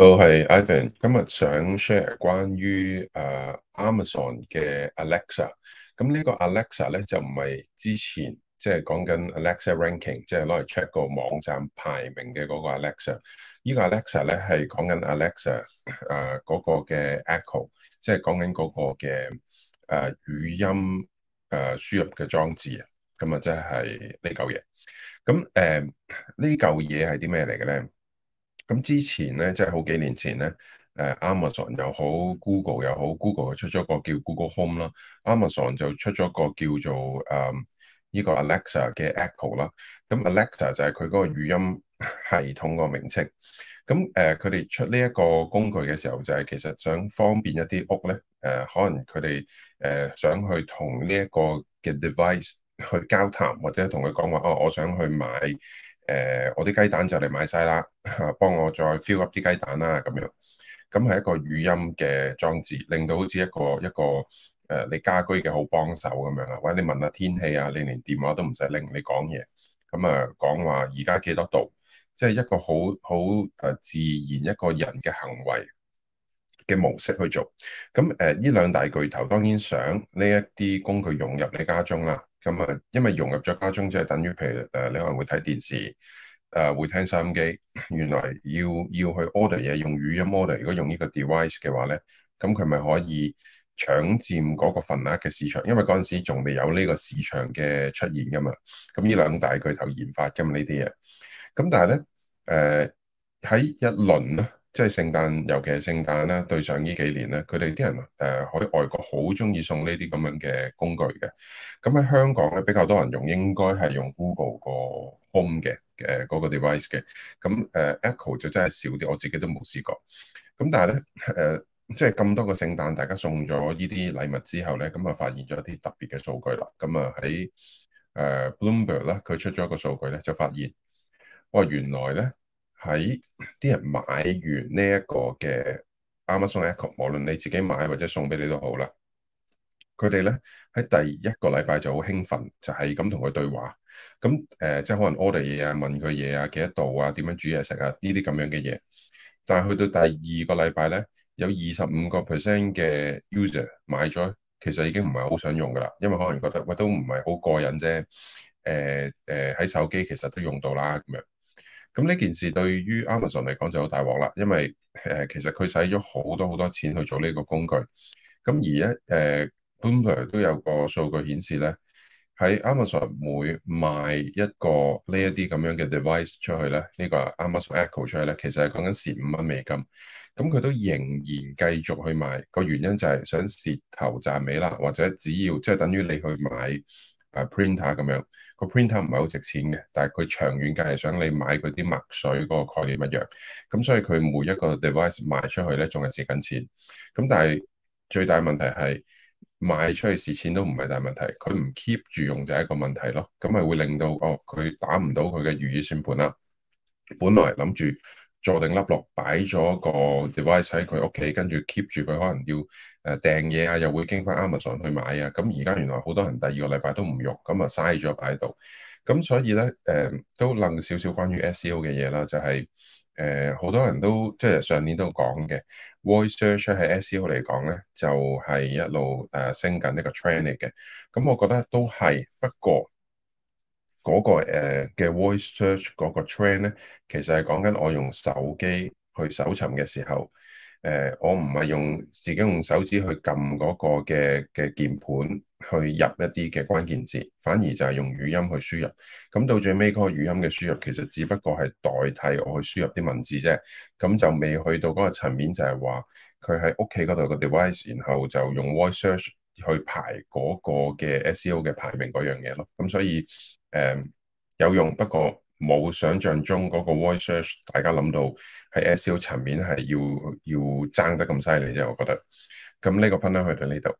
我係 Ivan，今日想 share 關於誒 Amazon 嘅 Alexa。咁呢個 Alexa 咧就唔係之前即係講緊 Alexa ranking，即係攞嚟 check 個網站排名嘅嗰個 Alexa。呢個 Alexa 咧係講緊 Alexa 誒嗰個嘅 Echo，即係講緊嗰個嘅誒語音誒輸入嘅裝置。咁啊，即係呢嚿嘢。咁誒呢嚿嘢係啲咩嚟嘅咧？咁之前咧，即係好幾年前咧，誒、啊、Amazon 又好，Google 又好，Google 出咗個叫 Google Home 啦，Amazon 就出咗個叫做誒依、嗯、個 Alexa 嘅 Echo 啦。咁 Alexa 就係佢嗰個語音系統個名稱。咁誒佢哋出呢一個工具嘅時候，就係其實想方便一啲屋咧，誒、呃、可能佢哋誒想去同呢一個嘅 device 去交談，或者同佢講話哦，我想去買。誒、呃，我啲雞蛋就嚟買晒啦，幫我再 fill up 啲雞蛋啦，咁樣，咁係一個語音嘅裝置，令到好似一個一個誒、呃，你家居嘅好幫手咁樣啦。喂，你問下天氣啊，你連電話都唔使拎，你講嘢，咁啊、呃、講話而家幾多度，即、就、係、是、一個好好誒自然一個人嘅行為嘅模式去做。咁誒，呢、呃、兩大巨頭當然想呢一啲工具融入你家中啦、啊。咁啊，因為融入咗家中，即係等於，譬如誒，你可能會睇電視，誒會聽收音機。原來要要去 order 嘢，用語音 order。如果用呢個 device 嘅話咧，咁佢咪可以搶佔嗰個份額嘅市場。因為嗰陣時仲未有呢個市場嘅出現噶嘛。咁呢兩大巨頭研發噶嘛呢啲嘢。咁但係咧，誒喺一輪咧。即係聖誕，尤其係聖誕咧，對上呢幾年咧，佢哋啲人誒喺、呃、外國好中意送呢啲咁樣嘅工具嘅。咁、嗯、喺香港咧比較多人用，應該係用 Google 個 Home 嘅誒嗰個 device 嘅。咁、嗯、誒 Echo 就真係少啲，我自己都冇試過。咁、嗯、但係咧誒，即係咁多個聖誕，大家送咗呢啲禮物之後咧，咁、嗯、啊發現咗一啲特別嘅數據啦。咁啊喺誒 Bloomberg 啦，佢出咗一個數據咧，就發現哇原來咧。喺啲人買完呢一個嘅 Amazon Echo，無論你自己買或者送俾你都好啦。佢哋咧喺第一個禮拜就好興奮，就係咁同佢對話。咁誒、呃，即係可能 order 嘢啊、問佢嘢啊、幾多度啊、點樣煮嘢食啊呢啲咁樣嘅嘢。但係去到第二個禮拜咧，有二十五個 percent 嘅 user 買咗，其實已經唔係好想用噶啦，因為可能覺得喂、哎、都唔係好過癮啫。誒、呃、誒，喺、呃、手機其實都用到啦咁樣。咁呢件事對於 Amazon 嚟講就好大鑊啦，因為誒其實佢使咗好多好多錢去做呢個工具，咁而一誒 Bloomberg 都有個數據顯示咧，喺 Amazon 每賣一個呢一啲咁樣嘅 device 出去咧，呢、呢個 Amazon Echo 出去咧，其實係講緊蝕五蚊美金，咁佢都仍然繼續去賣，個原因就係想蝕頭賺尾啦，或者只要即係、就是、等於你去買。誒 printer 咁樣個 printer 唔係好值錢嘅，但係佢長遠計係想你買嗰啲墨水嗰個概念一樣，咁所以佢每一個 device 賣出去咧，仲係蝕緊錢。咁但係最大問題係賣出去蝕錢都唔係大問題，佢唔 keep 住用就係一個問題咯。咁咪會令到哦，佢打唔到佢嘅如意算盤啦。本來諗住。坐定粒落，擺咗個 device 喺佢屋企，跟住 keep 住佢可能要誒訂嘢啊，又會經翻 Amazon 去買啊。咁而家原來好多人第二個禮拜都唔用，咁啊嘥咗擺喺度。咁所以咧誒、呃、都諗少少關於 SEO 嘅嘢啦，就係誒好多人都即係上年都講嘅 voice search 喺 SEO 嚟講咧，就係、是、一路誒升緊呢個 training 嘅。咁我覺得都係，不過。嗰個嘅 voice search 嗰個 trend 咧，其實係講緊我用手機去搜尋嘅時候，誒、呃、我唔係用自己用手指去撳嗰個嘅嘅鍵盤去入一啲嘅關鍵字，反而就係用語音去輸入。咁到最尾嗰個語音嘅輸入，其實只不過係代替我去輸入啲文字啫，咁就未去到嗰個層面就，就係話佢喺屋企嗰度個 device，然後就用 voice search 去排嗰個嘅 SEO 嘅排名嗰樣嘢咯。咁所以。誒，um, 有用，不過冇想象中嗰個 voice search，大家諗到喺 SEO 層面係要要爭得咁犀利啫，我覺得。咁呢個分享去到呢度。